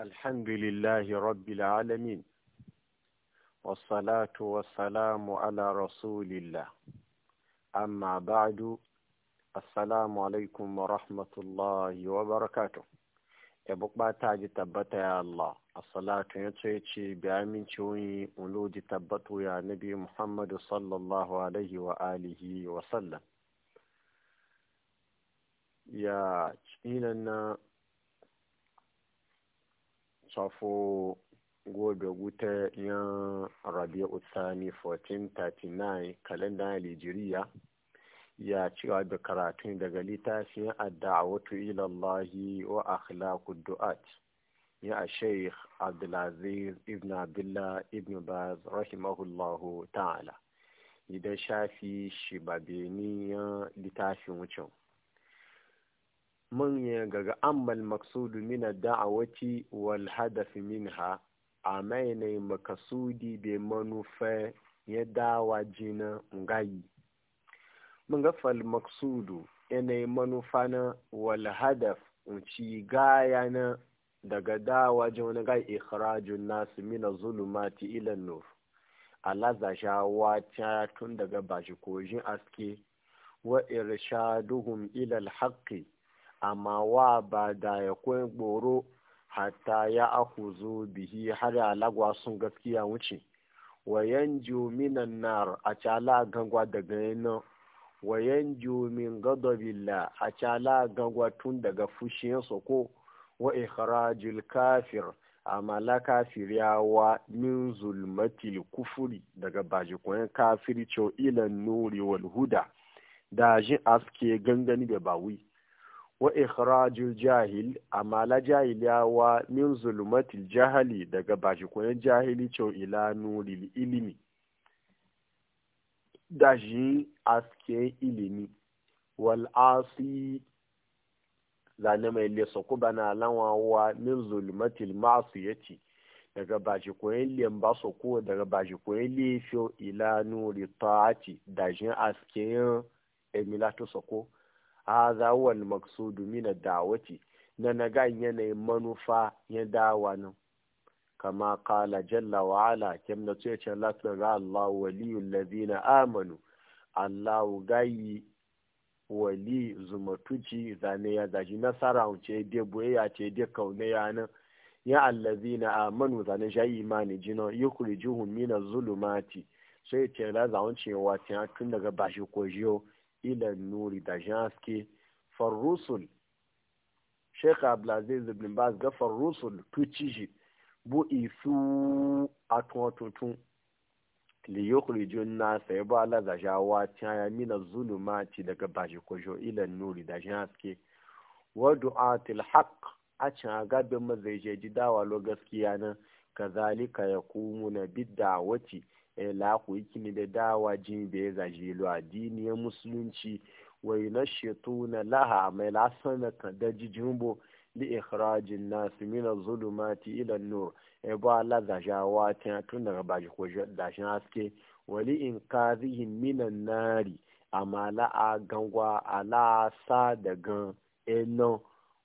الحمد لله رب العالمين والصلاة والسلام على رسول الله أما بعد السلام عليكم ورحمة الله وبركاته أبوك ما تاج تبت يا الله الصلاة يتشي بأمين شوي ولود تبت يا نبي محمد صلى الله عليه وآله وسلم يا شينا safo gobe wuta yan rabia utsani 1439 kalenda nigeria ya cewa da karatun daga littafin adda'awatu ilallahi wa akhlaqu du'at ya a sheikh abdulaziz ibn abdullah ibn baz rahimahullahu ta'ala idan shafi shibabeniyan littafin wucin manya gaga ammal maksudu mina da'awati wal hadafi minha a mai ne makasudi be manufa ya dawa jina ngayi mun ga fal maksudu yanayi manufa na wal hadaf ci gaya na daga dawa jina ga ikhrajun nasu mina zulumati ila nur alaza shawa ta tun daga bashi kojin aske wa irshaduhum ila al amma wa ba da ya kun gboro hatta ya aku zo bihi har ya lagwa sun gaskiya wuce wayan minan nar a cala gangwa daga yana wayan min billa a cala gangwa tun daga fushiyan soko wa ikhrajul kafir a kafir yawa min zulmatil kufuri daga bajikon kafirci ilan nuri wal huda da jin aske gangani da bawi wa ikhrajul jahil amma la jahiliya wa min zulumatil jahali daga bashi koyon jahili cewa ila nuril ilimi da shi aske ilimi wal asi zane mai lesa ku bana lawa wa min zulumatil ma'asiyati daga bashi koyon lemba daga bashi koyon lefiyo ila nuri ta'ati da shi aske emilato soko هذا هو المقصود من min ad-da'wati na naga yanayin manufa ya dawa nan kama qala jalla wa ala kim na ce ga amanu wali zumatuci zane ya zaji nasara wuce de boyayya ce de kaune ya nan ya na amanu zane sha imani jino yukrijuhum min az-zulumati sai ce la tun daga bashi ko jiyo ila nuri da haske farrusul sheikh abdulaziz ibn baz ga farrusul tuci shi bu isu a tuntun li yukhrijun nasa ya ba la da jawa ta mina zulumati daga bashi kojo ila nuri da haske wa du'atil haqq a can gabe mazaije ji dawa lo gaskiya nan kazalika yaqumuna bid da'wati E, la ku ikini da dawa jin da ya zaji lo ya musulunci wai na na laha mai lasana da jijimbo li ikhrajin nasu mina zulumati ila nur e ba la zajawa ta tun daga baji ko dashin haske wali in kazihin mina nari amma la a gangwa ala sa daga eno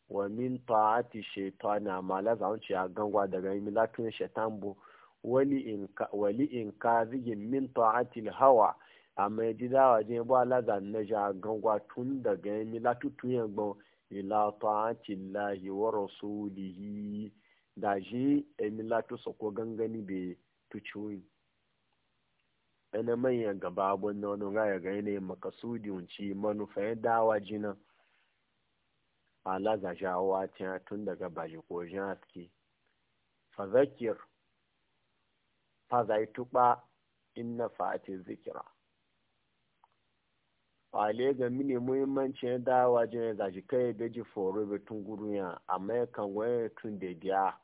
wa min ta'ati shaytana amma la zaunci a gangwa daga milakin shaitan bu wali in ka zigin min ta'atil hawa amma ji dawa je ba la na ja gangwa tun daga mi la tutun yan gbon ila ta'atil lahi wa rasulihi da ji emi la to soko gangani be tuchuyi ana manya gaba abun na wani raya ga yanayin makasudi unci manufa ya dawa jina ala ga jawa tun daga baji ko jan aski fazakir haza yi tuba in na fati zikira wale ga mini muhimmancin dawa jin da kai ya ji foro bai tun guruya amma ya kan wani tun da biya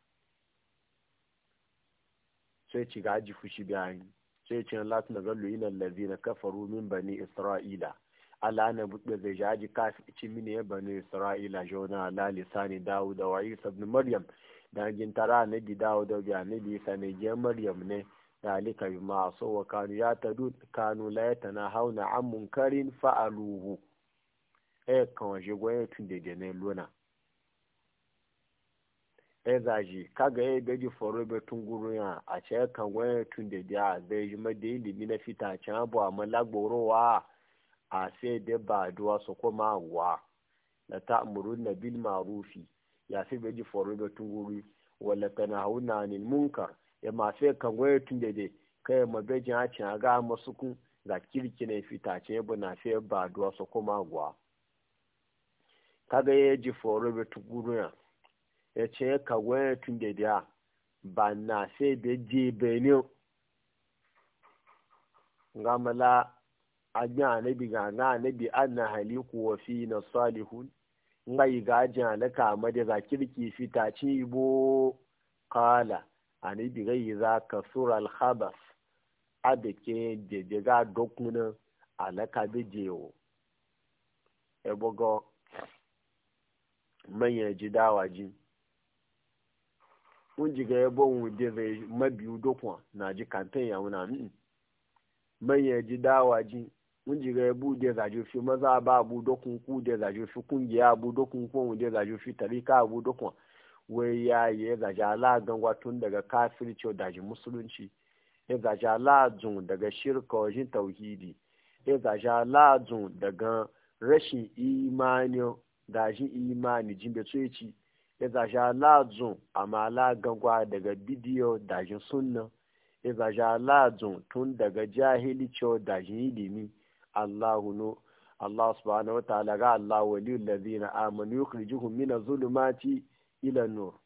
sai ci ga ji fushi yi sai ci na latin da zallu ina na kafaru min bani isra'ila ala na buɗe zai jaji ci mini ya bani isra'ila jona ala lisani dawo da isa ibn maryam dangin tara na bi na bi annabi ne ne maryam ne dalika bi ma so wa kanu ya tadu kanu tana hauna an mun karin fa'aluhu e kan je go e tin deje lona e zaji ka ga e beji tun guru ya a che kan go tun deje a zeji ma de ile na fita cha bo a ma lagboro a se de ba do wa so ko ma wa bil ma'rufi ya se beji foro be tun guru wa la tana hauna anil munkar ya masu ya kan wayar tun daidai kai ya mabejin hacin a ga masu kun ga kirki na fita ce ya bana fiye ba duwa su kuma guwa ga ya ji foro bai tuguruna ya ce ya kan wayar tun a ba na sai da ji benin gamala a yi anabi ga na anabi an na haliku wa fi na salihun ngai ga jana kama da za kirki bo kala ani yi za ka sura alhabas abeke ga dokuna alaka bijewo ebogo manyan ji kun ji ga yabo e wude zai mabiyu dokwa na ji kamfen ya wuna mi manyan ji kun ji ga yabo e za zaje fi maza ba abu dokun ku za zaje fi kungiya abu dokun de za zaje fi tarika abu dokun wai ya yi zaji aladun watun daga kafirci daji musulunci ya zaji aladun daga shirka wajen tauhidi ya zaji aladun daga rashin imani daji imani jimbe tsoci ya zaji aladun amma gangwa daga bidiyo daji sunna ya zaji aladun tun daga jahilici dajin ilimi allahu Allah subhanahu wa ta'ala ga Allah waliyul ladina amanu yukhrijuhum min mina zulumati ila nur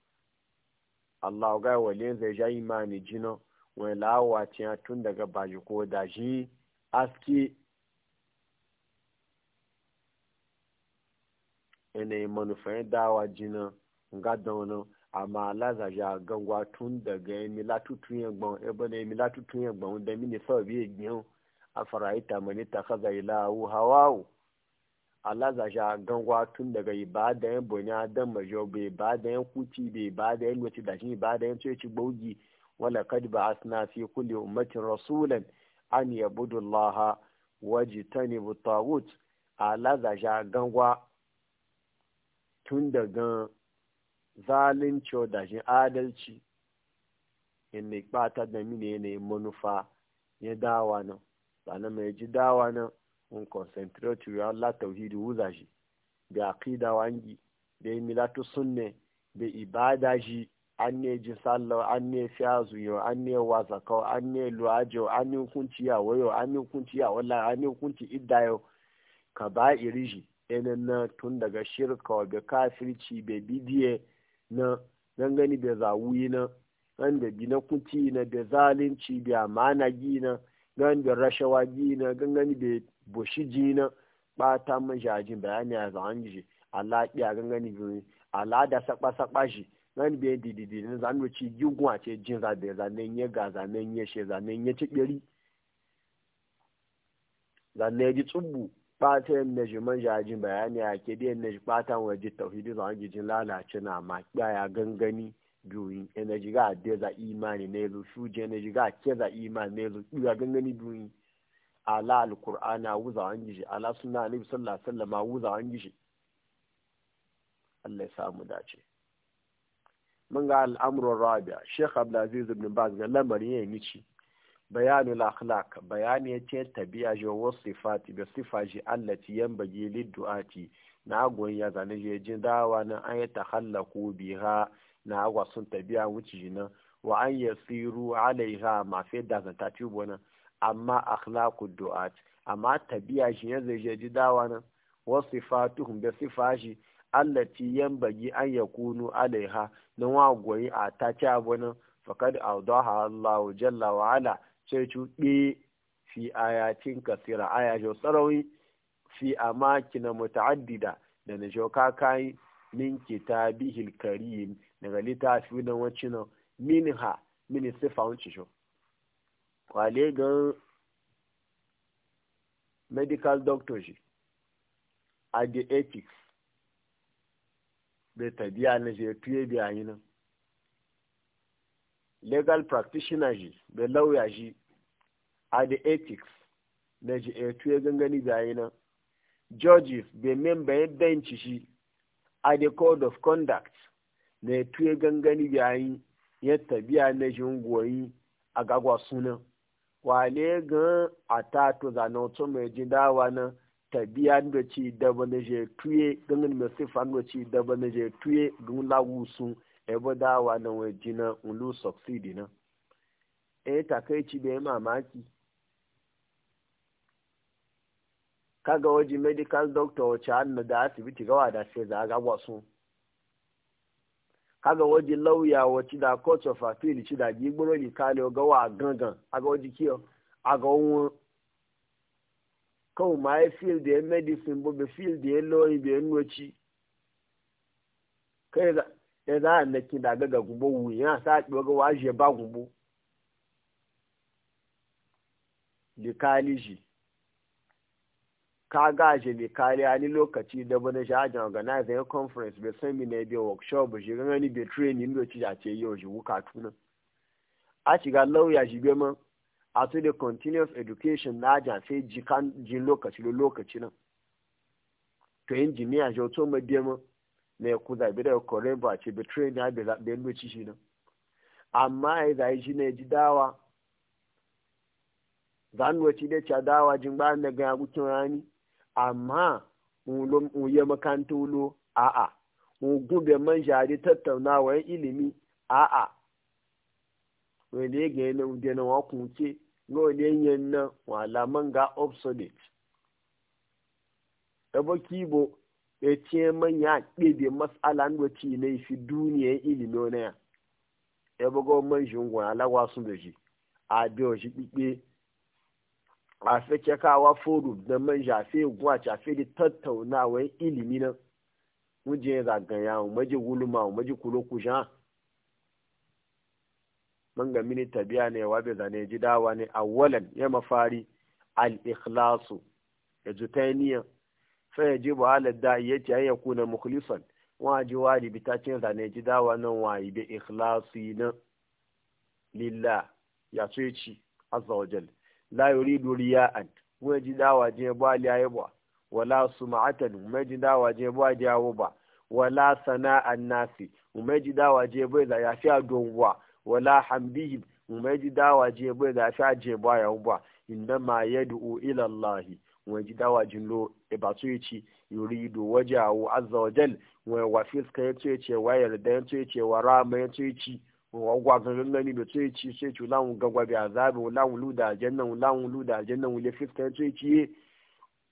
Allah ga wale zai ja imani jina wani lawa tiya tun daga baji ko da shi aski ene manufan dawa jina ga dono amma Allah za ja gangwa tun daga emi latutun yagbon ebe na emi latutun yagbon da mini fa bi egbin afara ita mani ta kaza ila hawawu Allah za shi gangwa tun daga ibadan bonya dan majo be ibadan kuci be ibadan lokaci da shi ibadan yan tsoci bogi wala kad ba'athna fi kulli ummatin rasulan an yabudu Allah wajtanibu tawut Allah za shi gangwa tun daga zalunci da shi adalci in ne bata da mine ne manufa ya dawa nan sannan mai ji dawa nan mun concentrate wa Allah tauhidi wuza shi da aqida wangi da milatu sunne da ibada shi an ne ji sallo an ne fiyazu yau an ne wasakau an ne luwajo an ne hukunci yawo yau an ne hukunci yawo an ne hukunci idda yau ka ba iri shi na tun daga shirka da kafirci bai bidiye na gani da zawuyi na da bi na kunci na da zalunci da amana gina na gani da rashawa gina gangani da boshi jina bata man jajin bayani a zaman ji Allah ya gangani biyu Allah da sakpa sakpa shi gani bai dididi na zanu ci gigwa ce jin zabe zanen ya ga zanen ya she zanen ya ci biri zanen ya ji tsubbu bata yin na shi man jajin bayani a ke da yin na shi bata waje da zaman jin lalace na ma ya gangani doyin energy ga de za imani ne lu shuje energy ga ke za imani ne lu ya gangani doyin ala alqur'ana wuza an gishi ala sunna annabi sallallahu alaihi wasallam wuza an gishi Allah ya samu dace mun ga al'amru rabi'a sheikh abdulaziz ibn baz ga lamarin yayin nici bayanul akhlaq bayani yace tabi'a je wasifati bi sifaji allati yanbaghi lid-du'ati na agwon ya zane je jin dawa nan an ya takhallaku biha na agwa sun tabiya wuce jina wa an tsiru alaiha ma fi dazanta tubo nan amma akhlaqu du'at amma tabiya shi ya zai je ji dawa nan wa sifatuhum da sifashi allati yanbagi an yakunu alaiha na wa goyi a ta ci abu nan faqad awdaha Allahu jalla wa ala sai cuɗe fi ayatin kasira aya jo sarawi fi amakina muta'addida da na shauka kai min kitabihil karim daga a littafi da wacce na mini ha mini sifa wuce shi kwale don medical doctor shi a the ethics da tabiya na je tuye biya yi nan legal practitioner shi da lauya shi a the ethics na je eh, tuye gangani biya yi nan judges da member bench shi a the code of conduct na tuye gangani yayin ya tabiya na jingoyi a gagwa suna wale gan a tato zane otu mai ji dawa na tabiya da ci daba na je tuye gangan mai sifa da ci daba na je tuye gun lagu sun ebe dawa na waje na ulu subsidi na e takaici ya mamaki kaga waje medical doctor wacce hannu da asibiti gawa da sai za a gagwa sun kaga waje lauya wace da court of appeal ci da gigboro ni kale ga wa gangan aga waje kiyo aga won kawo ma ya feel da ya medicine bo be feel da ya lawyer be noci kai da ya za na ki da ga gubo wuya sa ki ga waje ba gubo likali shi ka gaje mai kariya ni lokaci da bane shi ajin organizing conference bai seminar bai workshop shi shiga ni bai training bai ci a ce yau shi wuka tunan a shiga lauya shi bai man a to da continuous education na ajan sai jikan jin lokaci da lokaci nan to engineer shi to mai bai man na ya kuza bai da kore ba ce bai training ya bai lokaci shi nan amma ya zai shi ya ji dawa zanuwa ci da ci dawa jin ba na ga ya gutun rani amma unye makaranta ulo a'a ugube man jari tattaunawa ilimi a'a wani ya gaya na na ga wani yan nan wala man ga obsolete ɗaba kibo ya ce man ya ɗebe matsala da ci na fi duniya ilimi wani ya ɗaba ga man shi ngwani alawa da shi a biyo shi ɓiɓɓe a kyakawa kawa forum man jafe guwa jafe da tattaunawa ilimi nan muje yawon maji gulma maji kulo kusha man ga mini tabiya ne wa bai zane ji dawa ne walan ya mafari al-ikhlasu ya jutaniya sai ya ji ba da ya ce ya kuna mukhlisan wa ji wali bi ta ce zane ji dawa nan wa yi bi ikhlasi nan lillah ya ce ci azza wajal la yuridu riya'an wa ji dawa je ba liya ba wala sum'atan ma ji dawa je ba jawo ba wala sana'an nasi ma ji dawa je bai da ya fi adonwa wala hamdihim ma ji dawa je ya da ya fi aje ba ya ba inda ma yad'u ila Allah wa ji dawa jin lo e ba so yici e yuridu wajahu azza wajal wa wa fiska ya e ce wa yarda ya e ce wa rama ya ce gwagwazon lullani bai tsoye ci ci tsoye ci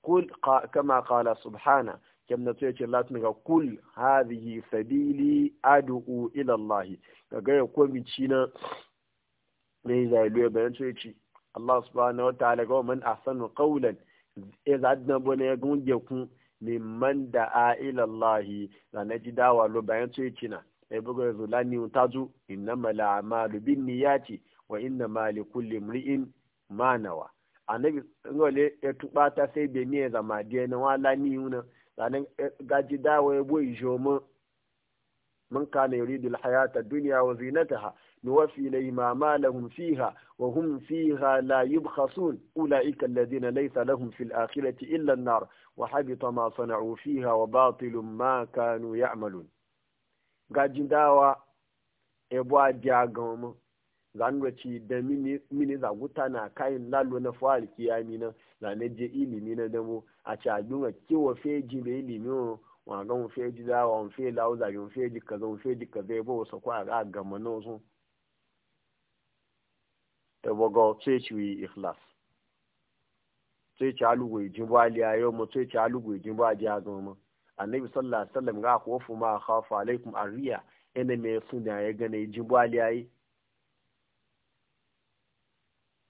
kul kama kala subhana kam tsoye ci ga kul hadhihi sabili adu'u ila allah ga ga ko komi ci na ne zai luye bayan tsoye ci allah subhanahu wa ta'ala ga man ahsanu qawlan idza adna bone ya gunge kun mimman da ila allah da na ji dawa lo bayan tsoye ci na ebogo zulani utaju innama la amalu bin niyati wa innama li kulli mri'in manawa anabi ngole etubata sai be ne zama de na wala ni una sanan gaji dawo ebo ijomo man kana yuridu alhayata ad-dunya wa zinataha نوفي إليما ما لهم فيها وهم فيها لا يبخسون أولئك الذين ليس لهم في الآخرة إلا النار وحبط ما صنعوا فيها وباطل ما كانوا يعملون gajin dawa ebo abiya gama zanwaci da mini guta na kayan lalo na fawar kiyami na zane je ilimi na damo a ci abinwa kewa feji da ilimi wa wa ga mu feji dawa mu fe lawo zage mu feji kaza mu feji kaza ebo wasu kwa ga gama na wasu bo ga che ci wi ikhlas sai e ci alugu ijin e ba aliya yau mu sai e ci alugu ijin ba ajiya gama annabi sallallahu alaihi wasallam ga ko ma khafa alaikum arriya ene me suna da ya gane jibali yayi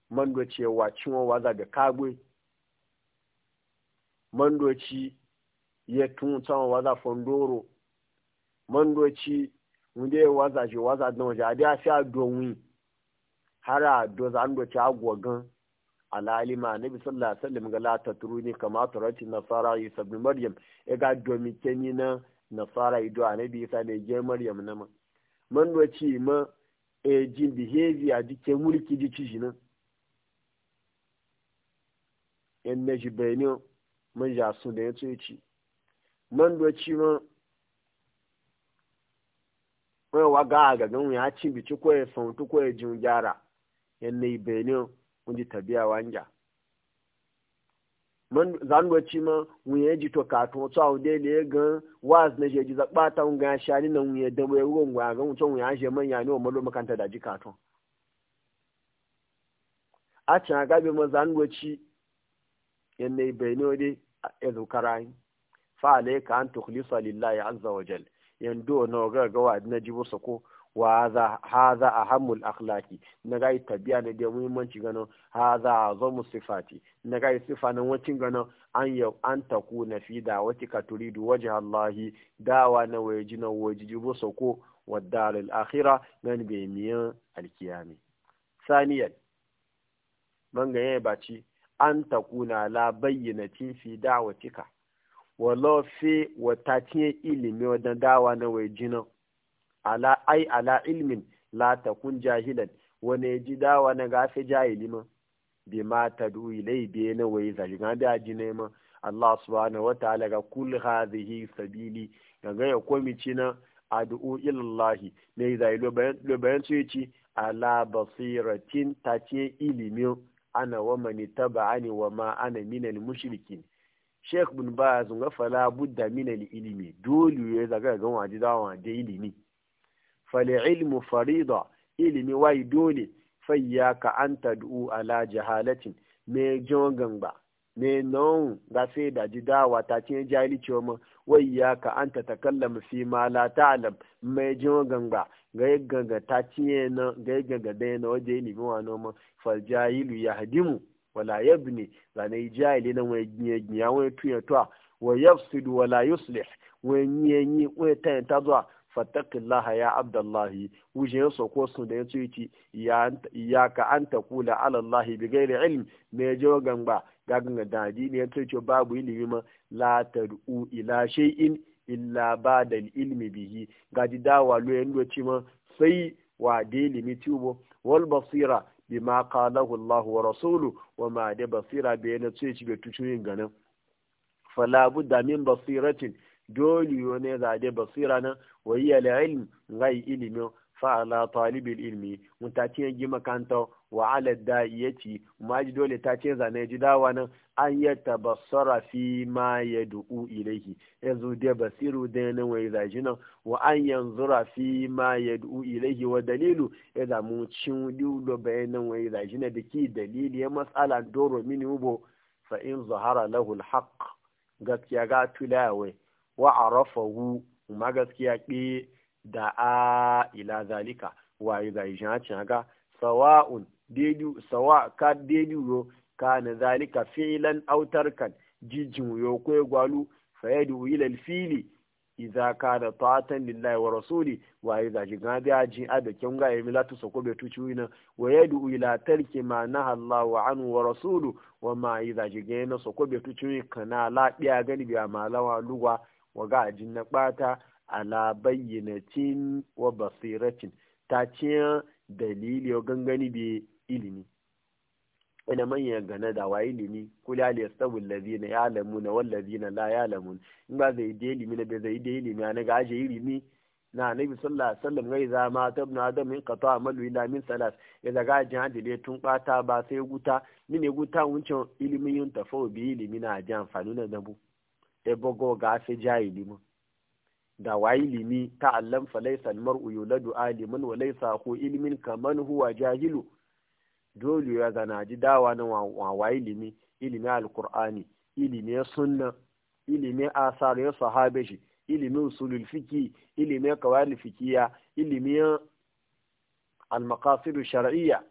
mando cewa cinwa waza ga kagwe mando ci ya tun tsawon waza fondoro mando ci wunde ya waza shi waza don waje a da fi a domin har a doza an a agwagan alalima nabi sallallahu alaihi wasallam ga la tatruni kama turati nasara isa ibn maryam e ga domi kenyi na nasara ido anabi isa ne je maryam na ma man ci ma e jin behavior di ke mulki di ci jina en ne ji benyo man ja su da yace ci man ci ma wai wa ga ga gan ya ci bi ci ko ya sautu ko jin gyara en ne benyo ji tabiya wanja man ci ma yi ji to katon so a wunde ne ga waz na jeji za ɓata ga shani na wuye da wuye ruwan ga mun wucin wuya shi manya ne wa malo makanta da ji katon a can a gabe ma zanwaci yan na ibe ne wade ya zo karayi fa ka an tukhlisa lillahi azza wa jal yan do na ga gawa na jibo sako wa haza a hamul akhlaki na ga tabiya ne da muhimmanci gano haza a zamu sifati na ga sifa nan wacin gano an yau an taku na fi da wati ka turidu waje Allahi dawa na waje jina waje jibo ko wa daril akhira nan bai miyan alkiyami saniyan man ga baci an takuna la bayyana fi da watika wallahi wata ilimi wadan dawa na waje jina. ala ai ala ilmin la takun jahilan wani ji dawa na gafe jahili ma bi ma ta duyi lai biye na wai zaji ga da ji ne ma Allah subhanahu wataala ga kul hadhihi sabili ga ga ya komi ci na addu'u ilallahi ne zai lo bayan su ci ala basiratin ta ce ilimin ana wa mani taba'ani wa ma ana minal mushrikin sheikh bin baz ga fala budda minal ilimi dole ya zaga ga waje dawa da ilimi فالعلم فريضة ilimi wai dole ya ka an ta tad'u ala jahalatin me jongan ba me non ga sai da ji dawa ta ce jahili ce ma ya ka an ta ta mu fi ma la ta'lam me jongan ba ga ganga ta ce na ga gaga da na waje ilimi wa no fal jahilu mu wala yabni ga ne jahili na wai gniya gniya wai tuya to wa yafsidu wala yuslih wai nyenyi wai ta ta zuwa fattaqillaha ya abdullahi wujen soko sun da yace yace ya ka an taqula ala allah bi ghairi ilm me je gamba gagan da ne yace yace babu ilimi ma la tad'u ila shay'in illa ba'da ilmi bihi gadi dawa lo yan ci ma sai wa de ilimi tubo wal basira bi ma qalahu allah wa rasulu wa ma de basira bi yana yace ci be tucuyin ganin fala budda min basiratin dole yo ne zade basira nan wa hiya la ilm ngai ilimi fa ala talibil ilmi mutaci gima makanta wa ala yaci. ma ji dole ta ce zane ji dawa nan an ya tabassara fi ma ya du'u ilaihi yanzu da basiru da nan wai zaji nan wa an yanzura fi ma ya du'u ilaihi wa dalilu ya zamu cin bayan bayanan wai zaji na ki dalili ya matsala doro mini ubo fa in zahara gaskiya ga tulawai wa arafahu ma gaskiya ke da a ila zalika wa yi zai jin hacin haka sawa'un dedu sawa ka dedu ro ka na zalika fi'lan autarkan jijin yo ko gwalu fa yadu ila iza ka da ta'atan lillahi wa rasuli wa idza jiga da ji a da kyan ga yi latu sako be tuci wina wa yi ila tarki ma naha wa anhu wa rasulu wa ma idza jiga na sako be tuci kana la biya gani biya malawa lugwa wa ga ajin na ɓata ala bayyanacin wa basiracin ta ce dalili gangani bi ilimi ina manyan gane da wa ilimi kula da yastabul ladina ya'lamuna wal ladina la ya'lamun in ba zai da ilimi na bai zai da ilimi na gaje ilimi na annabi sallallahu alaihi wasallam gai za ma ta ibn adam min qata amalu ila min salas ya daga jin hadile tun bata ba sai guta mine guta wuncin ilimin yin tafawo bi ilimi na ji amfani na dabu ebogo ga fi jahili mu da wa ilimi ta fa laysa al-mar'u yuladu aliman wa laysa hu ilmin kaman huwa jahilu dole ya gana ji dawa na wa wa ilimi ilimi alqur'ani qurani ilimi sunna ilimi asar ya sahabe ilimi usulul fiqi ilimi qawaid fiqiya ilimi al-maqasid shar'iyya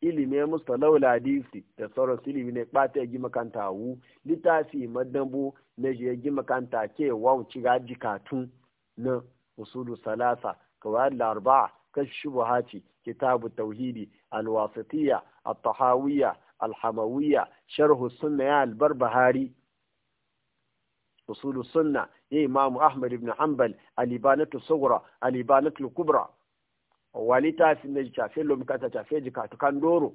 ilimin laula hadisi da sauran ilimi ne ɓata gi makanta wu littafi madambo na je gi makanta ke wawu ci jikatun na usulu salasa kawai larba kashi shubuhati kitabu tauhidi alwasatiya at-tahawiyya alhamawiyya sharhu sunna ya albarbahari usulu sunna ya imamu ahmad ibn hanbal alibanatu sughra alibanatu kubra Wani ta fi na shafe lomika ta jikatukan doro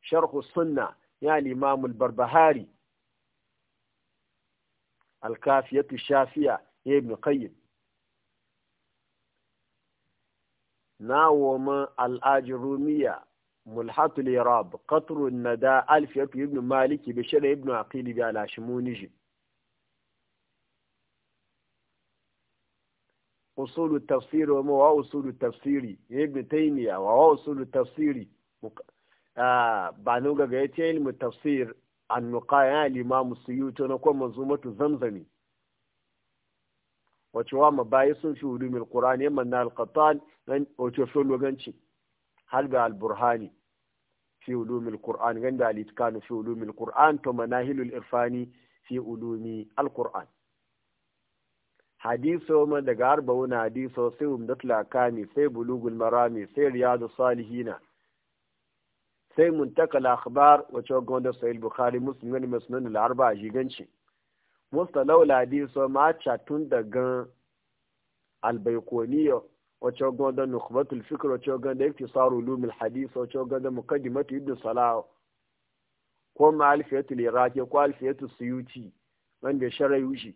sharhu sunna ya limamul barbahari alkafiyatu shafiya ya ibn qayyim na woma al'ajirumiya mulhatul irab qatrun nada alfiyatu ibn maliki bishira ibn akili bi alashimuni usulu tafsiri wa wa usulu tafsiri ibn taymiya wa wa usulu tafsiri ba nu ga ga yace ilmu tafsir an nuqaya limamu suyuto na kuma manzumatu zamzami wace wa mabayi sun fi hudu mil qur'ani yamman na alqatan nan wace fi loganci hal ga alburhani fi ulumi alquran ganda alitkanu fi ulumi alquran to manahilul irfani fi ulumi alquran hadiso man daga arba'un hadiso sai umdatul akami sai bulugul marami sai riyadu salihina sai muntakal akhbar wace da sahih bukhari muslim ne musnan al arba'a jiganci mustalau hadiso ma tun daga al baykoniyo wace gonda nukhbatul fikr wace gonda iktisar ulum al hadith wace gonda muqaddimatu ibn salah ko ma alfiyatul iraqi ko alfiyatul suyuti wanda sharai wushi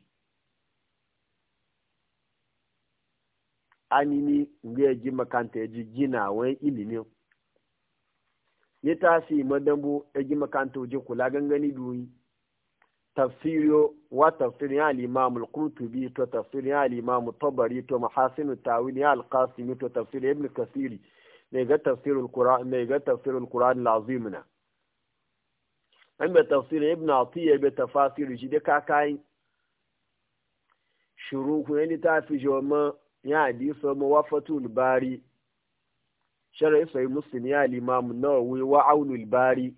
anini ya ji makanta ya ji gina wani ilimi. ya tasi madambo ya e ji makanta wajen kula gangani duyi tafsiriyo wa tafsirin ya al-imam al-qurtubi to tafsirin ya al-imam tabari to mahasin tawil ya al-qasimi to tafsirin ibn kasiri ne ga tafsirin qur'an ne ga tafsirul qur'an al an ba tafsirin ibn atiyya bi tafasir shi da kakai shuru ku ta fi jawma ya hadisa fatul bari shar'i sai muslim ya al-imam nawawi wa aunul bari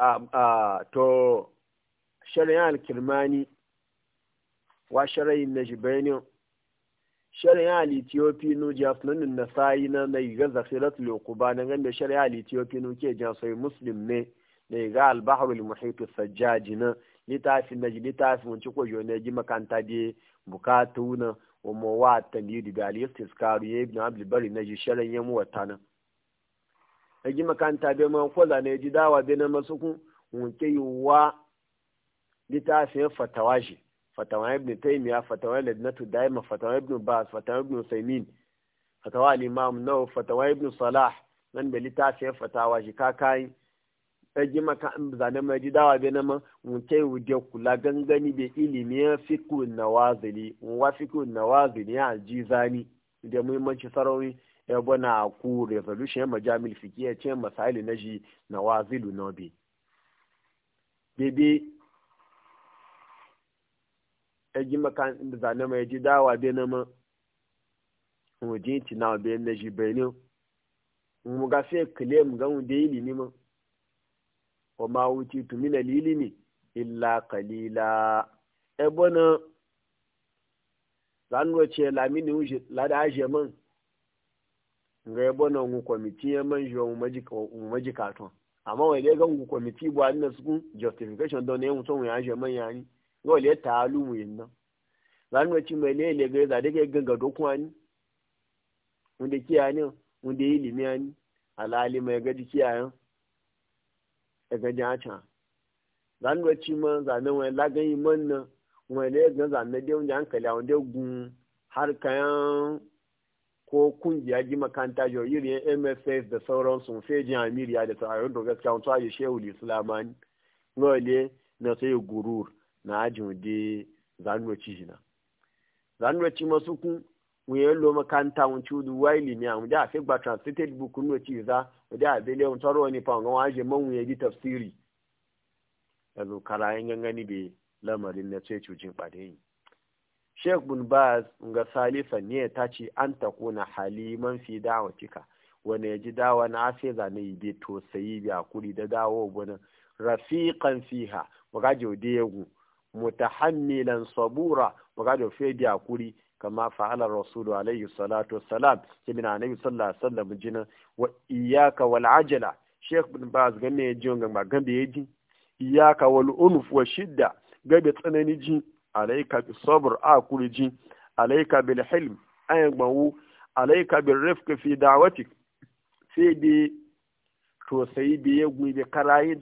a to shar'i al-kirmani wa shar'i najibani shar'i al-ethiopi no jasnan nasai na nai ga zakirat lokuba na ganda shar'i al-ethiopi nu ke jasai muslim ne ne ga al-bahr al-muhit sajjaj na litafi najli tafi mun ci koyo ne ji makanta de. bukatu na wa wa tamyidu bi al-istis karu ya ibn abdul bari na ji sharan ya mu wata na ji makanta bai ma kwala ne ji dawa bai na masu kun wunke yiwuwa littafin fatawa shi fatawa ibn taymiya fatawa ladnatu daima fatawa ibn bas fatawa ibn usaymin fatawa al-imam nawawi fatawa ibn salah nan da littafin fatawa shi kakai ji maka zane mai ji dawa bai nama wuce wuce kula gangani bai ilimi ya fiku na wazili wa fiku na wazili ya ji zani da muhimmanci sarauni ya bana ku resolution majamil fiki ya ce masaili na ji na wazilu na bi bebe ya ji maka zane mai ji dawa bai nama wajen tina bai na ji bai ne mu ga sai claim ga mu da ilimi ma wa ma wuce tu min alilimi illa qalila e bona zanwa ce lamini wuce lada aje man nga e bona ngu komiti e man jo majika majika to amma wai dai ga ngu komiti bu an su justification don ne mutum ya aje man yani ga wale talumu yin nan zanwa ci mai ne le ga za dai ga ganga dokuwani wanda kiyani wanda ilimi yani alali mai gaji kiyayen daga jacha zan da ci man zanen wani lagayi man nan wani da ya ga zanen da wani hankali a wanda gun har kayan ko kungiya ji makanta yoyiri mss da sauran sun fejin amiriya da tsarin da gaskiya wato ayi shehu islamani wale na sai gurur na ajin da zanuwa ci jina zanuwa ci masu kun wuye lo makanta wun ci du wai limi a wuda fi gba translated book no ci za wuda a bele wun taro ni pa ngon waje man wuye di tafsiri yanzu karayen gangani be lamarin na ce cujin ɓade yi sheikh bin baz ga salisa ne ta ce an ta kuna haliman fi dawa cika wani ya ji dawa na ase zane yi to sai bi kuri da dawo wani rafiqan fiha magajo da yagu mutahammilan sabura magajo fe bi kuri kama fa'ala rasulu alaihi salatu wassalam kimin annabi sallallahu alaihi wasallam jinin wa wal ajala sheikh bin baz ganne ya jiyon gamba gambe ya ji iyyaka wal unuf wa shidda gabe tsanani ji alaika bi sabr a kuli ji alaika bil hilm ayan gbanwu alaika bil rifq fi sai bi to sai bi ya gwi bi karayi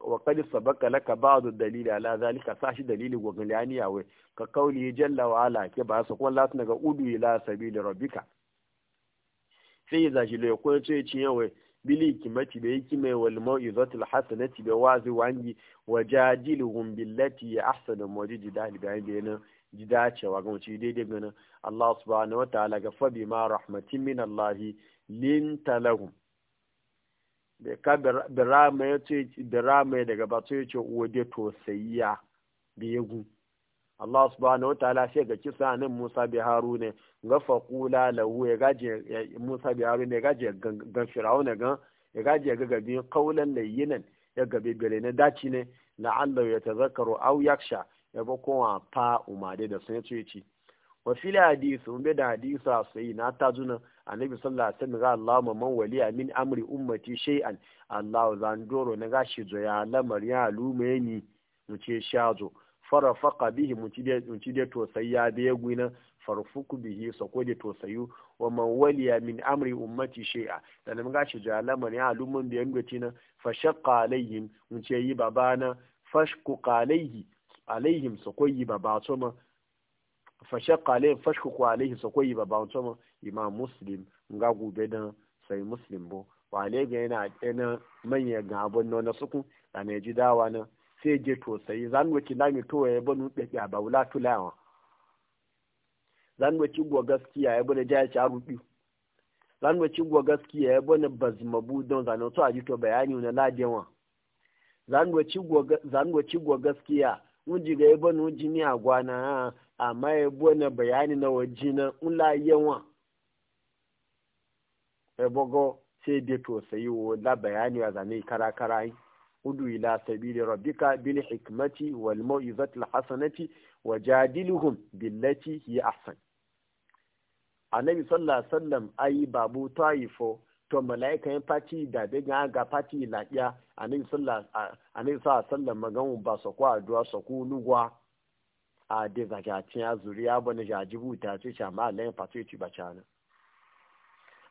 wa qad sabaka laka ba'du dalili ala zalika sashi dalili gogalani yawe ka kauli jalla wa ala ke ba su kuma lati daga udu ila sabili rabbika sai za shi le ko ce cin yawe bili kimati be kime wal mau'izatul hasanati be wazi wangi wajadiluhum billati ahsanu mawjidi dali bayan bayanan ji dacewa ga mace daidai ganin Allah subhanahu wa ta'ala ga fabi ma rahmatin min Allah linta lahum da ka birama ya ce birama ya daga batu ya ce waje to sayya da ya gu Allah subhanahu wataala sai ga kisa nan Musa bi Haruna ga faqula lahu ya gaje Musa bi Haruna ya gaje ga Firauna ga ya gaje ga gabi qaulan layyinan ya gabi bere na daci ne na yatazakkaru aw yaksha ya ba kowa fa umade da sun ya ce wa fili hadisi mun bai da hadisa sai na ta zuna annabi sallallahu alaihi wasallam ga Allah ma man wali amin amri ummati shay'an Allah za zandoro na ga shi zoya lamar ya lume ni mu ce shazo farafaqa bihi mu ci dai mu ci dai to sai ya bi yagu na farfuku bihi sako dai to sayu wa man wali amin amri ummati shay'a dan mun ga shi zoya lamar ya lume mun biyan gaci na fashaqa alaihim mu ce yi babana fashku alaihi alaihim sako yi babatoma. ma fashaqqa alayhi fashku alayhi sakoyi ba bawanto ma imam muslim nga gube don sai muslim bo wale ga yana yana manya ga abun no na suku da ne ji dawa na sai je to sai zan wuce lami to ya banu da ba wula tulawa zan wuce go gaskiya ya bane jaya cha rubi zan wuce go gaskiya ya bane bazmabu don zan to aji to bayani na ladewa zan wuce go gaskiya mun ji ga ya banu ni a gwana amma ya buwane bayani na waje na ula yawa ya bugo sai da tosayi la bayani a zane kara kara yi udu ila sabili rabbika bil hikmati wal mau'izati al hasanati wajadiluhum billati hi ahsan annabi sallallahu alaihi wasallam ayi babu taifo to malaika yin fati da da ga ga fati laƙiya annabi sallallahu alaihi wasallam magan ba sako addu'a sako lugwa a da zaga cin ya zuri ya bane ja ta ce cha ma Allah ya fatu ci cha na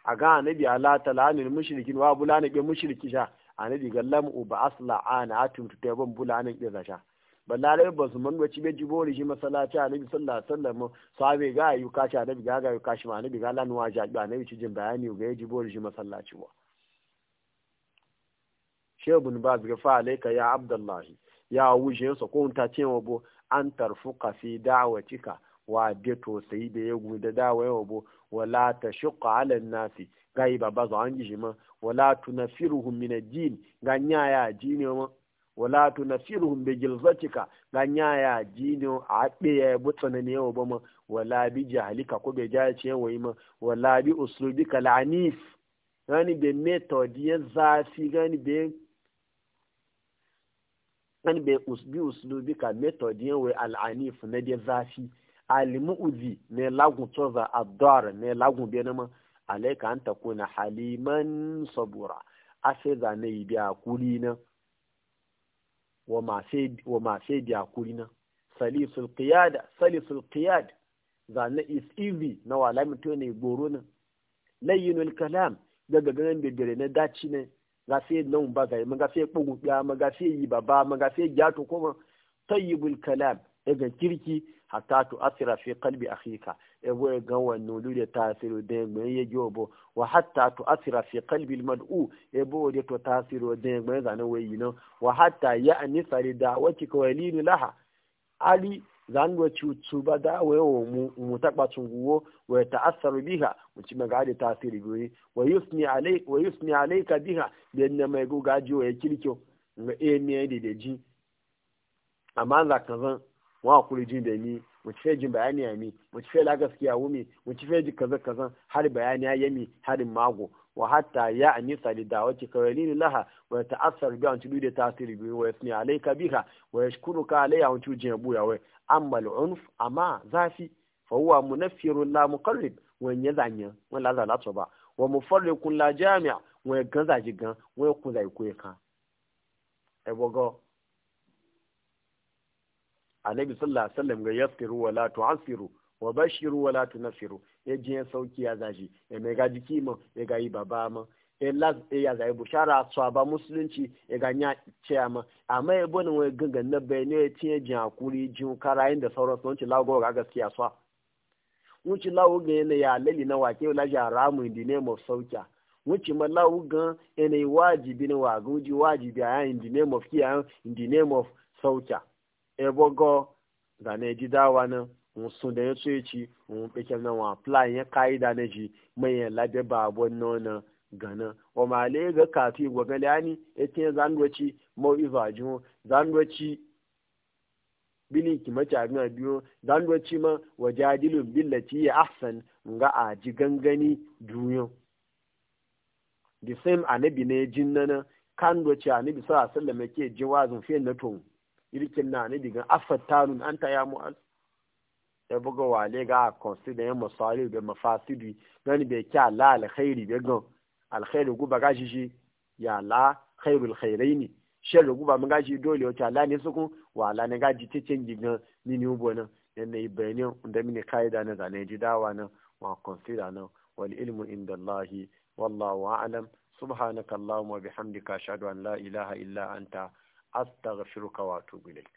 a ga annabi Allah talanin mushrikin wa bulana be mushriki sha anabi gallam ba asla ana atum tutai ban bulanan ke balla ballare ba su mango ci be ri shi masallaci anabi sallallahu alaihi wasallam sabe ga ka cha anabi ga ga ka shi ma anabi ga wa ja ga annabi ci jin bayani ga ri shi masallaci wa shebun ba ga fa alayka ya abdullahi ya wuje so ko unta cewa bo an tarfu tarfuka fi cika wa de to sai da ya guda dawa yawa bo wala ta shuka ala nasi gai ba zo an jima wala na firuhun mina jini ganya ya jini ma wala na tunafiruhum bi cika ganya ya jini a haɗe ya butsana ne yawa ba ma wala bi jahlika ko bai be ce yawa ma wala bi usulubi la'anif yani be metodi ya zafi gani bai. an bai usbi bi ka method yin wai al'anif na de zafi uzi ne lagun toza adar ne lagun benama ale ka ta kuna haliman sabura a sai zane yi biya kuri na wa ma sai biya kuli na salisul qiyad salisul qiyad zane is easy na wala mutu ne goro na layyinul kalam daga ganin bidire na dachi ne gafe nan ba zai ma gafe kpugubiya ma gafe yi baba ma gafe gyato kuma tayyibul kalam daga kirki hatta tu asira fi qalbi akhika e boye gan wannan ta tasiru da gbe ye jobo wa hatta tu asira fi qalbi al mad'u e boye to tasiru da gbe zanan wayi nan wa hatta ya anisa li da'wati laha ali zan wa cutu ba da wayo mu taɓa tunguwo wa ta'assaru biha mu ci maga da tasiri goyi wa yusni alai wa yusni alayka biha da na mai go ji e e e wa ya kirkyo ga e ne da da ji amma za ka zan wa kuri jin da ni mu ci jin bayani ya mi mu ci la gaskiya wumi mu ci ji kaza kaza har bayani ya mi har mago wa hatta ya anisa li dawati kawalini laha wa ta'assar bi an da ta tiri bi wa yasni alayka biha wa yashkuruka alayya an tudje buya wa amal unf ama zafi fa huwa munafiru la muqallib wa yanzanya wa la za wa mufarriqun la jami' wa yaganza jigan wa yakuza ikwe kan ebogo anabi sallallahu alaihi wasallam ga yaskiru wa la tu'asiru wa bashiru wala tunfiru ya ji sauki ya zaji ya mai ga jiki ma ya ga yi baba ma ya las ya zai bushara so ba musulunci ya ga nya cewa ma amma e bonin wai gangan na bayne ya ce ji hakuri jin karayin da sauran sun ci lago ga gaskiya so wuci lawo ga yana ya lali na wake la jaramu in the name of sauka wuci ma lawo ga yana wajibi ne wa ga wajibi a in the name of kiyan in the name of sauka da ne ji dawa nan sun da ya ce ci ɓe pikin na wa plan ya kaida na ji mai ba labe babon na, gana wa le ga kafi gwa galani yace zandoci mau'iza jiho zandoci bini ki mace abin biyo dan doci ma wajadilun billati ya ahsan nga a ji gangani duniya the same anabi ne jin nana kan doci anabi sallallahu alaihi wasallam yake ji fi fiye na tun irkin na anabi ga afatanun anta ya mu'az ya buga wale ga consider ya sali da mafasidi gani be kya la alkhairi be gan alkhairi guba gashi shi ya la khairul khairaini sharri guba mun gashi dole wata la ne suku wala ne gaji cicin ni ni ubo na ne ne bayani da mini kaida na zane ji dawa na wa consider na wal ilmu inda Allahi wallahu a'lam subhanaka allahumma bihamdika ashhadu an la ilaha illa anta astaghfiruka wa atubu ilaik